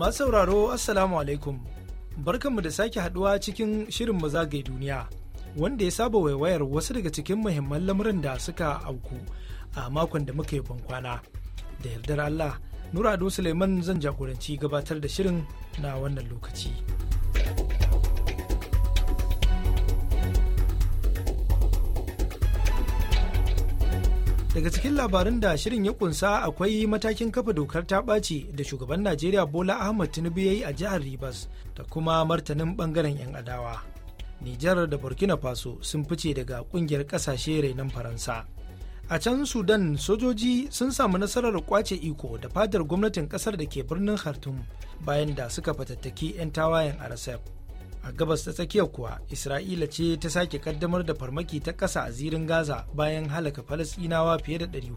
Masu sauraro Assalamu alaikum. Barkanmu da sake haduwa cikin shirin mu zagaye duniya wanda ya saba waiwayar wasu daga cikin muhimman lamuran da suka auku a makon da muka yi bankwana. Da yardar Allah, Nura Ado Suleiman zan jagoranci gabatar da shirin na wannan lokaci. daga cikin labarin da shirin ya kunsa akwai matakin kafa dokar ta ɓaci da shugaban najeriya bola ahmad tinubu ya yi a jihar ribas da kuma martanin ɓangaren 'yan adawa nijar da burkina faso sun fice daga ƙungiyar ƙasashe rainon faransa a can sudan sojoji sun samu nasarar kwace iko da fadar gwamnatin ƙasar da ke birnin khartoum bayan da suka fatattaki 'yan tawayen rsf a gabas ta tsakiya kuwa isra'ila ce ta sake kaddamar da farmaki ta ƙasa a zirin gaza bayan halaka falasɗinawa fiye da 400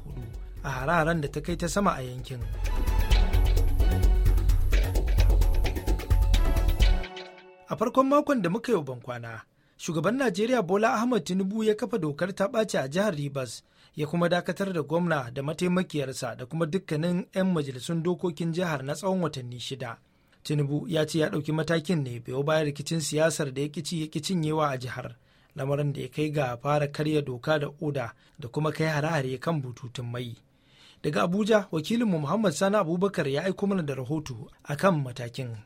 a hararen da ta kai ta sama a yankin a farkon makon da muka yi bankwana shugaban najeriya bola ahmad tinubu ya kafa dokar ta ɓace a jihar ribas ya kuma dakatar da gwamna da mataimakiyarsa da kuma dukkanin 'yan majalisun dokokin jihar na tsawon watanni shida tinubu ya ce ya ɗauki matakin ne biyo bayan rikicin siyasar da ya kici ya cinyewa a jihar lamarin da ya kai ga fara karya doka da oda da kuma kai hare-hare kan bututun mai daga abuja wakilinmu muhammad sani abubakar ya aiko mana da rahoto akan matakin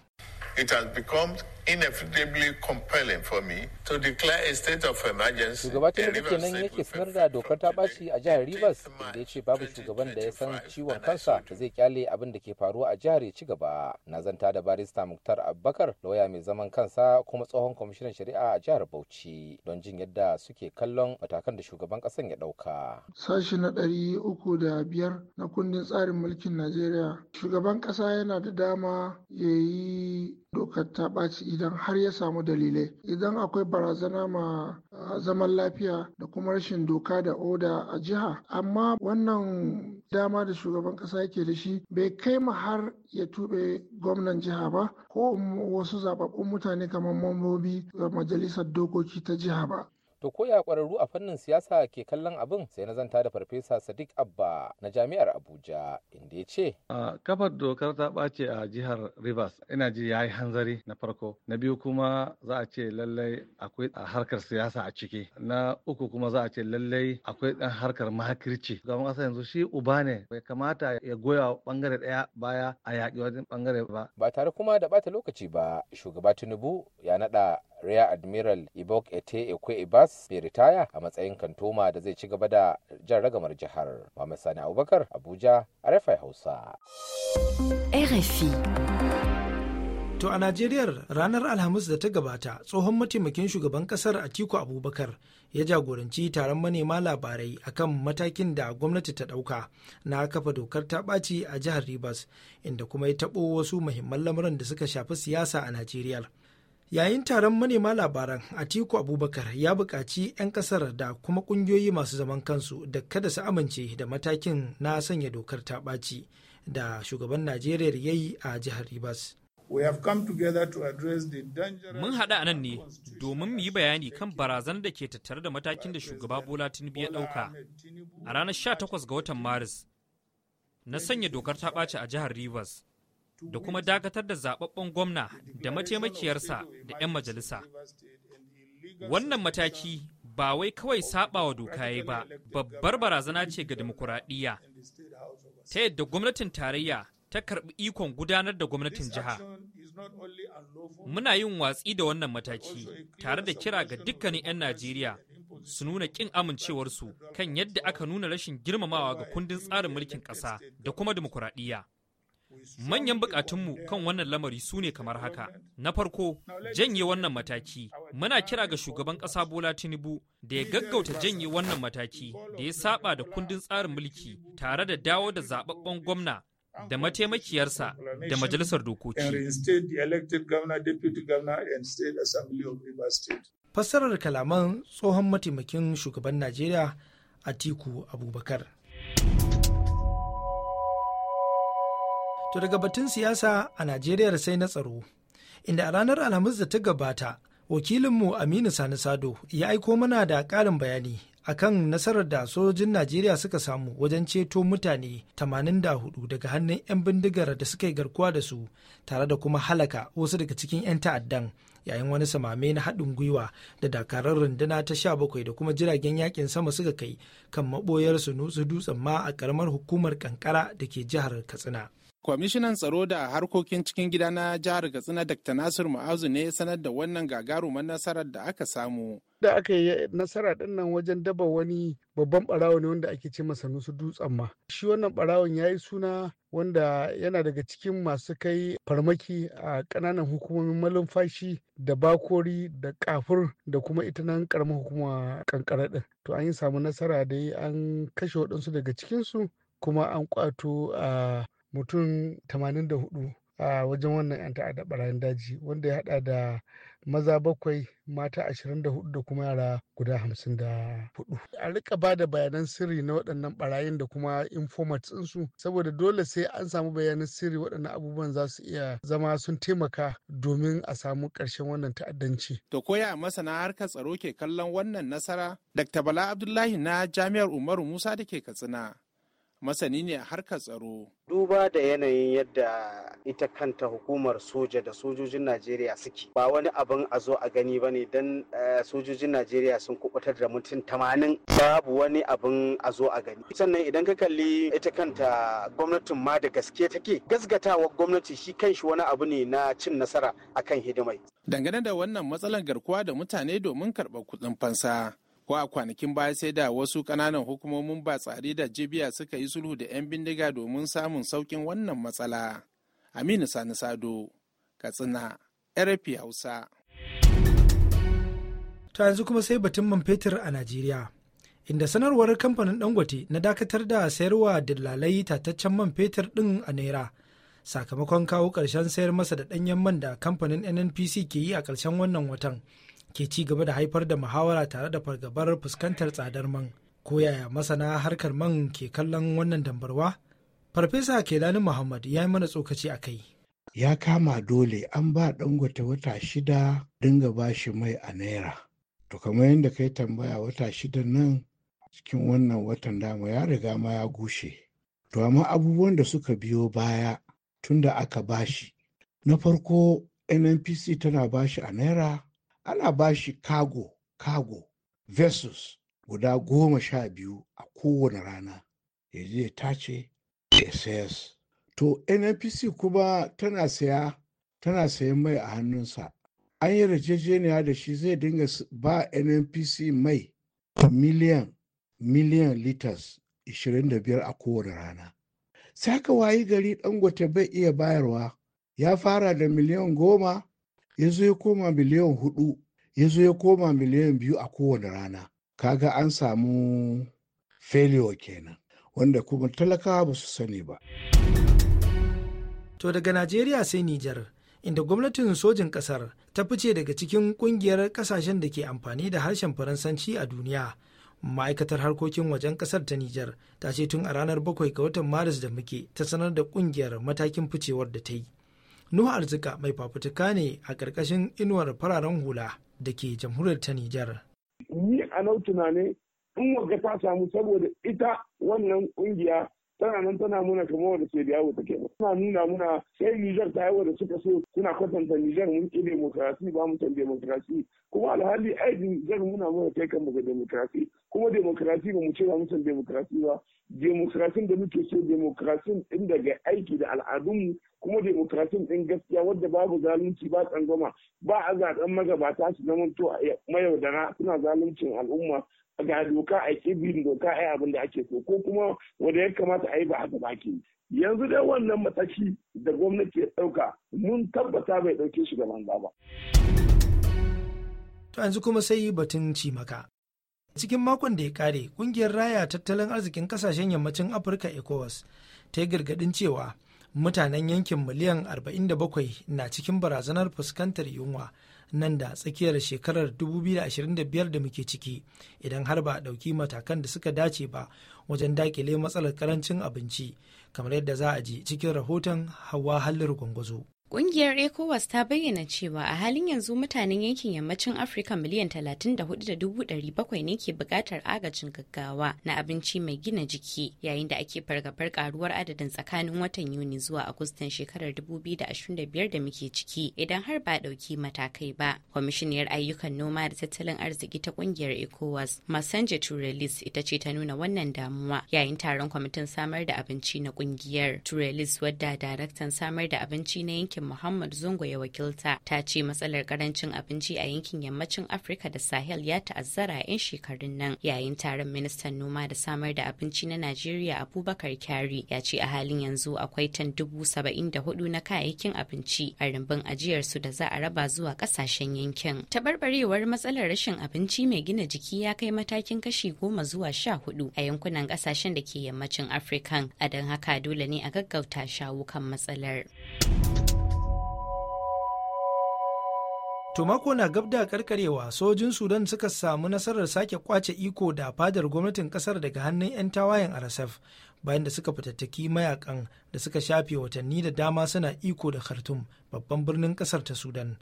it has become inevitably compelling for me to declare a state of emergency. Shugaba Tinubu kenan yake sanar da dokar ta ɓaci a jihar Rivers da ya ce babu shugaban da ya san ciwon kansa da zai kyale abin da ke faruwa a jihar ya ci gaba. Na zanta da barista Muktar Abubakar lauya mai zaman kansa kuma tsohon kwamishinan shari'a a jihar Bauchi don jin yadda suke kallon matakan da shugaban ƙasan ya ɗauka. Sashi na ɗari uku da biyar na kundin tsarin mulkin Najeriya shugaban ƙasa yana da dama ya yi dokar ta ɓaci idan har ya samu dalilai idan akwai barazana ma zaman lafiya da kuma rashin doka da oda a jiha amma wannan dama da shugaban kasa yake da shi bai kai ma har ya tube gwamnan jiha ba ko wasu zababbun mutane kamar mambobi majalisar dokoki ta jiha ba To koya kwararru a fannin siyasa ke kallon abin sai na zanta da farfesa Sadiq Abba na jami'ar Abuja inda ya ce. kafar dokar ta ɓace a jihar Rivers ina ji ya yi hanzari na farko. Na biyu kuma za a ce lallai akwai harkar siyasa a ciki. Na uku kuma za a ce lallai akwai ɗan harkar makirci. ga ƙasa yanzu shi uba ne bai kamata ya goya bangare ɗaya baya a yaƙi wajen bangare ba. Ba tare kuma da ɓata lokaci ba shugaba Tinubu ya naɗa Rear Admiral Ibok Ete Ekwe Ibas bai ritaya a matsayin kantoma da zai ci gaba da jan ragamar jihar. Muhammad Sani Abubakar Abuja RFI Hausa. RFI To a Najeriya ranar Alhamis da ta gabata tsohon mataimakin shugaban kasar Atiku Abubakar ya jagoranci taron manema labarai akan matakin da gwamnati ta ɗauka na kafa dokar ta ɓaci a jihar Rivers inda kuma ya taɓo wasu muhimman lamuran da suka shafi siyasa a Najeriya. yayin taron manema labaran atiku abubakar ya buƙaci 'yan ƙasar da kuma ƙungiyoyi masu zaman kansu da kada su amince da matakin na sanya dokar ta ɓaci da shugaban najeriya ya yi a jihar rivers Mun haɗa a nan ne domin mu yi bayani kan barazan da ke tattare da matakin da shugaba Bola Tinubu ya ɗauka a ranar 18 ga watan Maris na sanya dokar ta ɓaci a jihar Rivers da kuma dakatar da zaɓaɓɓen gwamna da mataimakiyarsa da 'yan majalisa. Wannan mataki ba wai kawai saɓawa doka ya ba, babbar barazana ce ga dimokuraɗiyya, ta yadda gwamnatin tarayya ta karɓi ikon gudanar da gwamnatin jiha. Muna yin watsi da wannan mataki tare da kira ga dukkanin 'yan Najeriya su nuna ƙin amincewarsu kan yadda aka nuna rashin girmamawa ga kundin tsarin mulkin ƙasa da kuma dimokuraɗiyya. Manyan bukatunmu kan wannan lamari su ne kamar haka. Na farko, janye wannan mataki. Muna kira ga shugaban ƙasa Bola Tinubu da ya gaggauta janye wannan mataki da ya saba da kundin tsarin mulki tare da dawo da zaɓaɓɓen gwamna da mataimakiyarsa da majalisar dokoki. Fassarar kalaman tsohon mataimakin shugaban Najeriya Atiku Abubakar. To daga batun siyasa a Najeriya sai na tsaro, inda a ranar Alhamis da ta gabata, wakilinmu Aminu Sani Sado ya aiko mana da ƙarin bayani akan nasarar da sojojin Najeriya suka samu wajen ceto mutane 84 daga hannun 'yan bindigar da suka yi garkuwa da su tare da kuma halaka wasu daga cikin 'yan ta'addan yayin wani samame na haɗin gwiwa da dakarar runduna ta 17 da kuma jiragen yakin sama suka kai kan maɓoyar su nutsu dutsen ma a ƙaramar hukumar kankara da ke jihar Katsina. kwamishinan tsaro da harkokin cikin gida na jihar katsina dr Nasir ma'azu ne ya sanar da wannan gagaruman nasarar da aka samu da aka yi nasara din wajen daba wani babban barawo ne wanda ake ce masa nusu dutsen ma shi wannan barawon ya yi suna wanda yana daga cikin masu kai farmaki a kananan hukumomin malumfashi da bakori da kafur da kuma ita nan karamin hukuma kankara din to an yi samu nasara dai an kashe waɗansu daga cikinsu kuma an kwato a ah, mutum 84 a wajen wannan 'yan ta'adda barayin daji wanda ya hada da maza bakwai mata 24 da kuma yara guda 54 a rika ba da bayanan sirri na waɗannan barayin da kuma informats su saboda dole sai an samu bayanan sirri waɗannan abubuwan za su iya zama sun taimaka domin a samu ƙarshen wannan ta'addanci to koya masana harkar tsaro ke kallon wannan nasara dr bala abdullahi na jami'ar umaru musa da ke katsina masani ne a harkar tsaro. Duba da yanayin yadda ita kanta hukumar soja da sojojin Najeriya suke ba wani abin a zo a gani ba ne don eh, sojojin Najeriya sun kubutar da mutum tamanin babu wani abin a zo a gani. Sannan idan ka kalli ita kanta gwamnatin ma da gaske take gasgatawa gwamnati shi kanshi wani abu ne na cin nasara akan hidimai. Dangane da wannan matsalar garkuwa da mutane domin karɓar kuɗin fansa. ko a kwanakin baya sai da wasu ƙananan hukumomin ba tsari da jibiya suka yi sulhu da 'yan bindiga domin samun saukin wannan matsala aminu sani sado katsina rfi hausa ta yanzu kuma sai batun man fetur a najeriya inda sanarwar kamfanin dangote na dakatar da sayarwa dillalai tataccen man fetur ɗin a naira sakamakon kawo ƙarshen sayar masa da ɗanyen man da kamfanin nnpc ke yi a ƙarshen wannan watan ke ci gaba da haifar da muhawara tare da fargabar fuskantar tsadar man ko yaya masana harkar man ke kallon wannan dambarwa farfesa kelani muhammad ya yi mana tsokaci a kai ya kama dole an ba dangote wata shida dinga ba shi mai a naira to kamar yadda ka yi tambaya wata shida nan cikin wannan watan dama ya riga ma ya gushe to amma abubuwan da suka biyo baya tun da aka bashi na farko nnpc tana bashi a naira ana ba shi kago kago versus guda goma sha biyu a kowane rana ya je ya tace ya sayas to nnpc kuma tana saya tana sayan mai a hannunsa an yi rajejeniya da shi zai dinga ba nnpc mai miliyan miliyan liters 25 a kowane rana sai haka wayi gari dangote bai iya bayarwa ya fara da miliyan goma yanzu ya koma miliyan hudu ya ya koma miliyan biyu a kowane rana kaga an samu failure kenan wanda kuma talakawa ba su sani ba to daga najeriya sai nijar inda gwamnatin sojin kasar ta fice daga cikin kungiyar kasashen da ke amfani da harshen faransanci a duniya ma'aikatar harkokin wajen kasar ta nijar ta ce tun a ranar 7 ga watan maris da muke ta sanar da kungiyar matakin ficewar da ta yi Nuhu Arzika mai fafutuka ne a ƙarƙashin inuwar fararen hula da ke jamhuriyar ta Nijar. Ni a nau tunanin in wagga ta samu saboda ita wannan ƙungiya tana nan tana muna kamar wanda ke biya wata ba tana nuna muna sai Niger ta wa da suka so suna kwatanta Niger mun ki demokrasi ba mu can demokrasi kuma alhali ai Niger muna muna kai kan ga demokrasi kuma demokrasi ba mu ce ba mu san demokrasi ba demokrasin da muke so demokrasin din daga aiki da al'adunmu kuma demokrasin din gaskiya wadda babu zalunci ba tsangwama ba a zaɓen magabata su zama to mayaudara suna zaluncin al'umma ga doka a ke bin doka a abin da ake so ko kuma wanda ya kamata a yi ba haka ba ke yanzu dai wannan mataki da gwamnati ya ɗauka mun tabbata bai ɗauke shi gaban ba. To yanzu kuma sai yi batun cimaka. cikin makon da ya kare kungiyar raya tattalin arzikin kasashen yammacin afirka ecowas ta yi gargadin cewa mutanen yankin miliyan 47 na cikin barazanar fuskantar yunwa nan da tsakiyar shekarar 2025 da muke ciki idan har ba a ɗauki matakan da suka dace ba wajen dakile matsalar karancin abinci kamar yadda za a ji cikin rahoton hawa hallar gwangwazo. Ƙungiyar ECOWAS ta bayyana cewa a halin yanzu mutanen yankin yammacin Afirka miliyan 34,700 ne ke buƙatar agajin gaggawa na abinci mai gina jiki yayin da ake fargabar ƙaruwar adadin tsakanin watan Yuni zuwa Agustan shekarar 2025 da muke ciki idan har ba ɗauki matakai ba. Kwamishiniyar ayyukan noma da tattalin arziki ta ƙungiyar ECOWAS Masanje Turelis ita ce ta nuna wannan damuwa yayin taron kwamitin samar da abinci na ƙungiyar. Turelis wadda daraktan samar da abinci na yankin yankin Muhammad Zungo ya wakilta ta ce matsalar karancin abinci a yankin yammacin Afirka da Sahel ya ta'azzara a 'yan shekarun nan yayin taron ministan noma da samar da abinci na Najeriya Abubakar Kyari ya ce a halin yanzu akwai tan dubu saba'in da hudu na kayayyakin abinci a rumbun ajiyarsu da za a raba zuwa kasashen yankin. Tabarbarewar matsalar rashin abinci mai gina jiki ya kai matakin kashi goma zuwa sha hudu a yankunan kasashen da ke yammacin Afirka a don haka dole ne a gaggauta shawo kan matsalar. to mako na gab da karkarewa sojin sudan suka samu nasarar sake kwace iko da fadar gwamnatin kasar daga hannun 'yan tawayen rsf bayan da suka fitattaki mayakan da suka shafe watanni da dama suna iko da khartoum babban birnin kasar ta sudan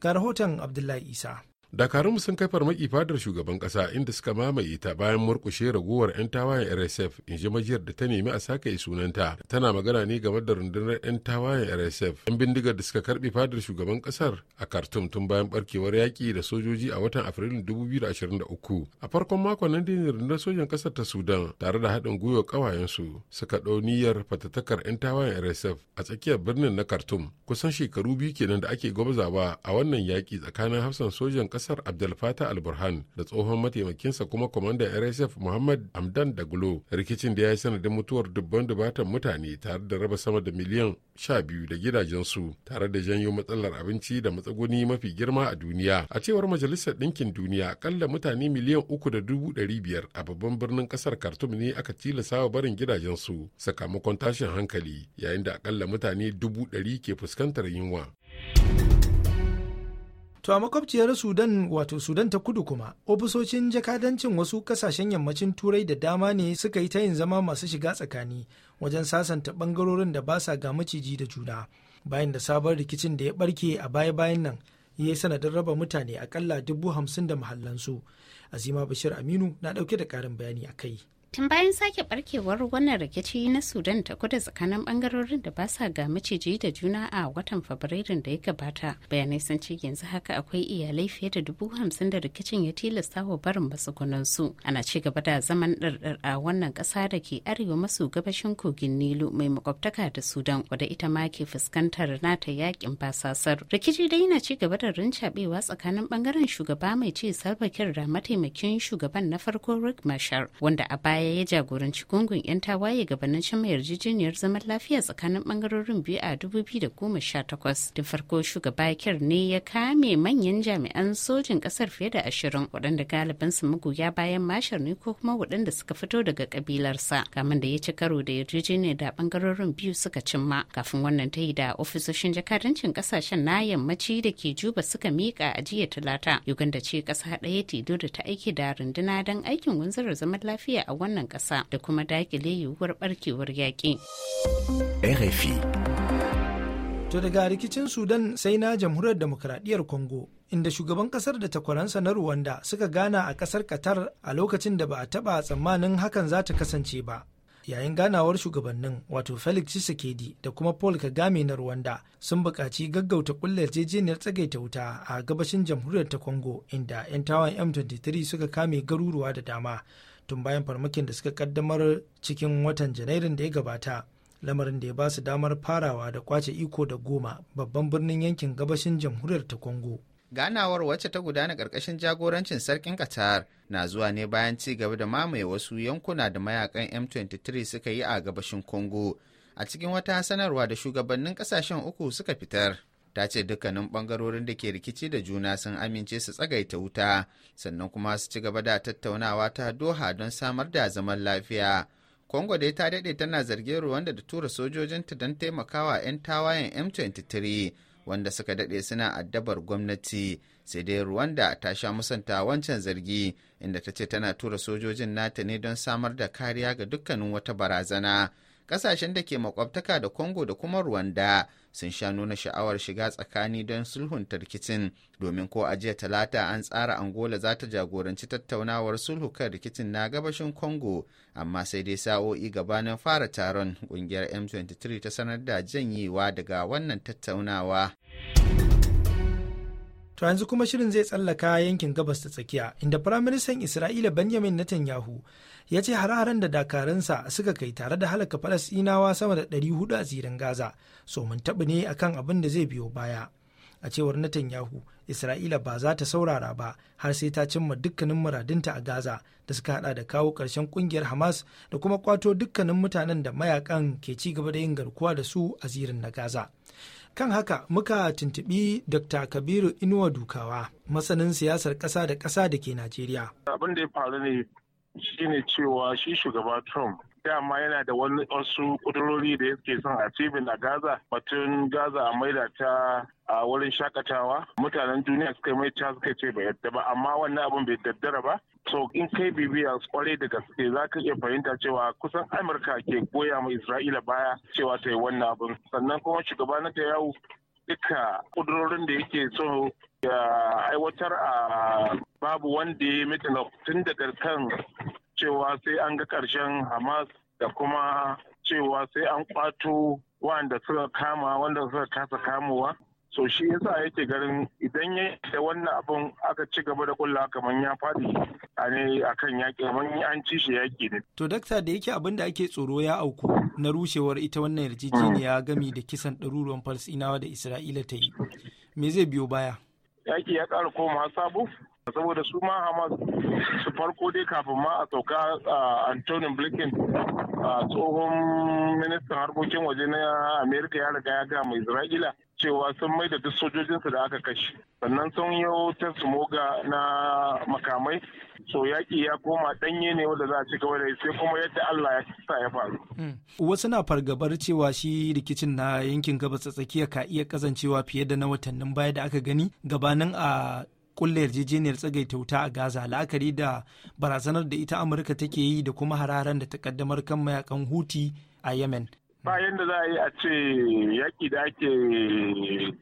ga rahoton abdullahi isa dakarun sun kai farmaki fadar shugaban kasa inda suka mamaye ta bayan murkushe ragowar 'yan tawayen rsf in ji majiyar da ta nemi a sake sunanta tana magana ne game da rundunar 'yan tawayen rsf 'yan bindigar da suka karbe fadar shugaban kasar a khartoum tun bayan barkewar yaki da sojoji a watan afrilun 2023 a farkon makon nan dai rundunar sojan kasar ta sudan tare da haɗin gwiwa ƙawayensu suka ɗau niyyar fatattakar 'yan tawayen rsf a tsakiyar birnin na khartoum kusan shekaru biyu kenan da ake gwabzawa a wannan yaƙi tsakanin hafsan sojan kasar abdulfata alburhan da tsohon mataimakinsa kuma kwamandan rsf muhammad amdan glo rikicin da ya yi sanadin mutuwar dubban dubatan mutane tare da raba sama da miliyan sha biyu da gidajensu tare da janyo matsalar abinci da matsaguni mafi girma a duniya a cewar majalisar ɗinkin duniya akalla mutane miliyan uku da dubu ɗari biyar a babban birnin ƙasar khartoum ne aka tilasa wa barin gidajensu sakamakon tashin hankali yayin da akalla mutane dubu ɗari ke fuskantar yunwa. To a makwabciyar Sudan wato Sudan ta kudu kuma, ofisocin jakadancin wasu kasashen yammacin turai da dama ne suka yi ta yin zama masu shiga tsakani wajen sasanta bangarorin da ba sa ga maciji da juna. Bayan da sabon rikicin da ya barke a baya-bayan nan ya yi sanadin raba mutane akalla dubu hamsin da mahallansu. Azima Bashir Aminu na ɗauke da ƙarin bayani a kai. tun bayan sake barkewar wannan rikici na sudan ta kudu tsakanin bangarorin da ba sa ga maciji da juna a watan fabrairun da ya gabata bayanai sun ce yanzu haka akwai iyalai fiye da dubu hamsin da rikicin ya tilasta wa barin matsugunan su ana ci gaba da zaman ɗarɗar a wannan ƙasa da ke arewa maso gabashin kogin nilu mai makwabtaka da sudan wadda ita ma ke fuskantar nata yakin basasar rikici dai na ci gaba da rincaɓewa tsakanin bangaren shugaba mai ci salva da mataimakin shugaban na farko rick marshall wanda a baya baya ya jagoranci gungun 'yan tawaye gabanin cimma yarjejeniyar zaman lafiya tsakanin bangarorin biyu a 2018 da farko shugaba kir ne ya kame manyan jami'an sojin kasar fiye da ashirin waɗanda galibin su magoya bayan mashar ne ko kuma waɗanda suka fito daga kabilarsa kamar da ya ci karo da yarjejeniyar da bangarorin biyu suka cimma kafin wannan ta yi da ofisoshin jakadancin kasashen na yammaci da ke juba suka miƙa a jiya talata uganda ce ƙasa ɗaya tido da ta aiki da runduna don aikin wanzarar zaman lafiya a wannan ƙasa da kuma dakile yiwuwar barkewar yaƙi. RFI To daga rikicin Sudan sai na jamhuriyar demokradiyyar Congo inda shugaban kasar da takwaransa na Rwanda suka gana a kasar Qatar a lokacin da ba a taɓa tsammanin hakan za ta kasance ba. Yayin ganawar shugabannin wato Felix Tshisekedi da kuma Paul Kagame na Rwanda sun buƙaci gaggauta ƙulla yarjejeniyar tsagaita wuta a gabashin jamhuriyar ta Congo inda 'yan tawan M23 suka kame garuruwa da dama tun bayan farmakin da suka kaddamar cikin watan janairun da ya gabata lamarin da ya ba su damar farawa da kwace iko da goma babban birnin yankin gabashin jamhuriyar ta congo ganawar wacce ta gudana ƙarƙashin jagorancin sarkin qatar na zuwa ne bayan ci gaba da mamaye wasu yankuna da mayakan m23 suka yi a gabashin congo a cikin wata sanarwa da shugabannin ƙasashen uku suka fitar ta ce dukkanin bangarorin da ke rikici da juna sun amince su tsagaita wuta sannan kuma su ci gaba da tattaunawa ta doha don samar da zaman lafiya congo dai ta daɗe tana zargin rwanda da tura sojojinta don taimakawa 'yan tawayen m23 wanda suka daɗe suna addabar gwamnati sai dai rwanda ta sha musanta wancan zargi inda ta ce tana tura sojojin nata ne don samar da kariya ga dukkanin wata barazana kasashen da ke makwabtaka da kongo da kuma Rwanda sun sha nuna sha'awar shiga tsakani don sulhunta rikicin domin ko a jiya talata an tsara Angola za ta jagoranci tattaunawar sulhu kan rikicin na gabashin kongo amma sai dai sa'o'i gabanin fara taron kungiyar M23 ta sanar da janyewa daga wannan tattaunawa. To yanzu kuma shirin zai tsallaka yankin gabas ta tsakiya inda firaministan Isra'ila Benjamin Netanyahu ya ce hare-haren da dakaransa suka kai tare da halaka falasinawa sama da 400 a zirin Gaza so mun taɓa ne kan abin da zai biyo baya. A cewar Netanyahu, Isra'ila ba za ta saurara ba har sai ta cimma dukkanin muradinta a Gaza da suka hada da kawo karshen ƙungiyar Hamas da kuma kwato dukkanin mutanen da mayakan ke ci gaba da yin garkuwa da su a zirin na Gaza. Kan haka muka tuntubi Dr. Kabiru Inuwa Dukawa, masanin siyasar ƙasa da ƙasa da ke Najeriya. Abin da ya faru ne shine cewa shi shugaba Trump dama yana da wani wasu kudurori da yake son a cibin a gaza batun gaza a maida ta a wurin shakatawa mutanen duniya suka mai ta suka ce ba yadda ba amma wannan abun bai daddara ba so in kai bibiya kwarai da gaske za ka iya fahimta cewa kusan amurka ke goya ma isra'ila baya cewa ta yi wannan abun sannan kuma shugaba na ta yawo duka kudurorin da yake so ya aiwatar a babu wanda ya mita tun daga kan cewa sai an ga ƙarshen hamas da kuma cewa sai an kwato wanda suka kama wanda suka kasa kamowa so shi yasa yake garin idan ya da wannan abin aka ci gaba da kulla kamar ya fadi a ne akan yaƙi kamar an ci shi yaƙi ne. To dakta da yake abin da ake tsoro ya auku na rushewar ita wannan yarjejeniya gami da kisan ɗaruruwan falsinawa da Isra'ila ta yi. Me zai biyo baya? Yaƙi ya ƙara koma sabo saboda su ma hamas su farko dai kafin ma a sauka antony blinken tsohon ministan harkokin waje na amerika ya riga ya gama isra'ila cewa sun maida duk sojojinsu da aka kashe sannan sun yi ta moga na makamai so yaƙi ya koma ɗanye ne wanda za a ci gaba da sai kuma yadda Allah ya sa ya faru. Hmm. Wasu na fargabar cewa shi rikicin na yankin gabas tsakiya ka iya kasancewa fiye da na watannin baya da aka gani gabanin a kulle yarjejeniyar tsagaita wuta a gaza la'akari da barazanar da ita amurka take yi da kuma hararen da ta kaddamar kan mayakan huti a yemen ba yadda za a yi a ce yaƙi da ake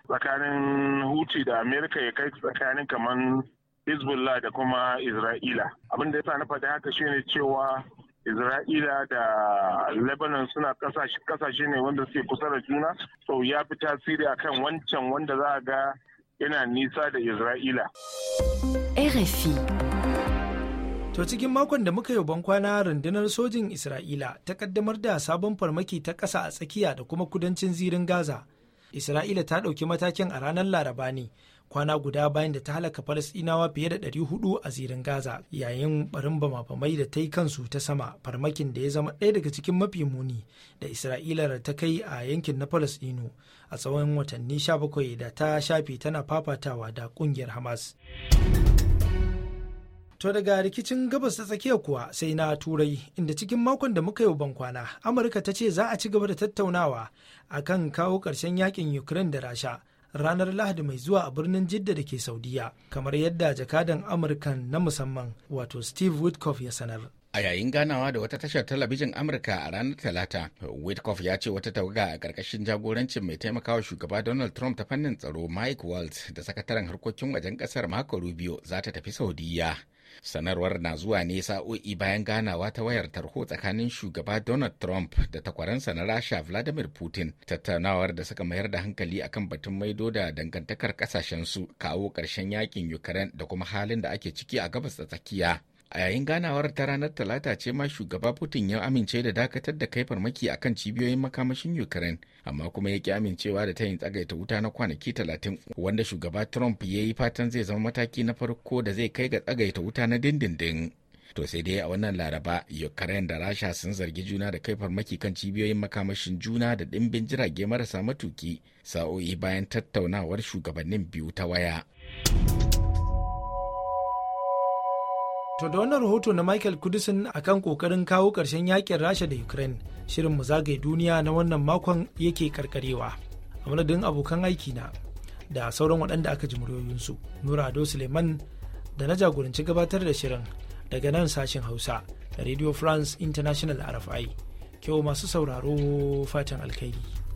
tsakanin huti da amerika ya kai tsakanin kamar hezbollah da kuma isra'ila abin da ya sa na faɗi haka shine cewa Isra'ila da Lebanon suna kasashe ne wanda suke kusa da juna, so ya fi tasiri akan wancan wanda za a ga yana nisa da Isra'ila. RFI To cikin makon da muka yi kwana rundunar sojin Isra'ila ta kaddamar da sabon farmaki ta ƙasa a tsakiya da kuma kudancin zirin Gaza. Isra'ila ta ɗauki matakin a ranar Laraba ne kwana guda bayan da ta halaka falasɗinawa fiye da 400 a zirin gaza yayin barin bama da ta yi kansu ta sama farmakin da ya zama ɗaya daga cikin mafi muni da isra'ila ta kai a yankin na falasɗinu a tsawon watanni 17 da ta shafe tana fafatawa da ƙungiyar hamas To daga rikicin gabas ta tsakiya kuwa sai na turai inda cikin makon da muka yi bankwana Amurka ta ce za a ci gaba da tattaunawa akan kawo ƙarshen yakin Ukraine da Rasha ranar lahadi mai zuwa a birnin jidda da ke saudiya kamar yadda jakadan amurkan na musamman wato steve woodcock ya sanar a yayin ganawa da wata tashar talabijin amurka a ranar talata witkoff ya ce wata tawaga a ƙarƙashin jagorancin mai taimakawa shugaba donald trump ta fannin tsaro mike waltz da sakataren harkokin wajen ƙasar Mako rubio za ta tafi saudiya Sanarwar na zuwa ne sa'o'i bayan ganawa ta wayar tarho tsakanin shugaba Donald Trump da takwaransa na Rasha Vladimir Putin tattaunawar da suka mayar da hankali akan batun maido da dangantakar kasashensu kawo ƙarshen yakin Ukraine da kuma halin da ake ciki a gabas da tsakiya. a yayin ganawar ta ranar talata ce ma shugaba putin ya amince da dakatar da kai farmaki a kan cibiyoyin makamashin ukraine amma kuma ya ki amincewa da ta yin tsagaita wuta na kwanaki talatin wanda shugaba trump ya yi fatan zai zama mataki na farko da zai kai ga tsagaita wuta na dindindin to sai dai a wannan laraba ukraine da rasha sun zargi juna da kai farmaki kan cibiyoyin makamashin juna da dimbin jirage marasa matuki sa'o'i bayan tattaunawar shugabannin biyu ta waya. To da wannan rahoto na Michael Kudisin akan kokarin kawo ƙarshen yakin Rasha da Ukraine, shirin mu zagaye duniya na wannan makon yake karkarewa. A madadin abokan aiki na da sauran waɗanda aka ji muryoyinsu, Nura Ado Suleiman da na jagoranci gabatar da shirin daga nan sashen Hausa da Radio France International RFI. Kyau masu sauraro fatan alkhairi.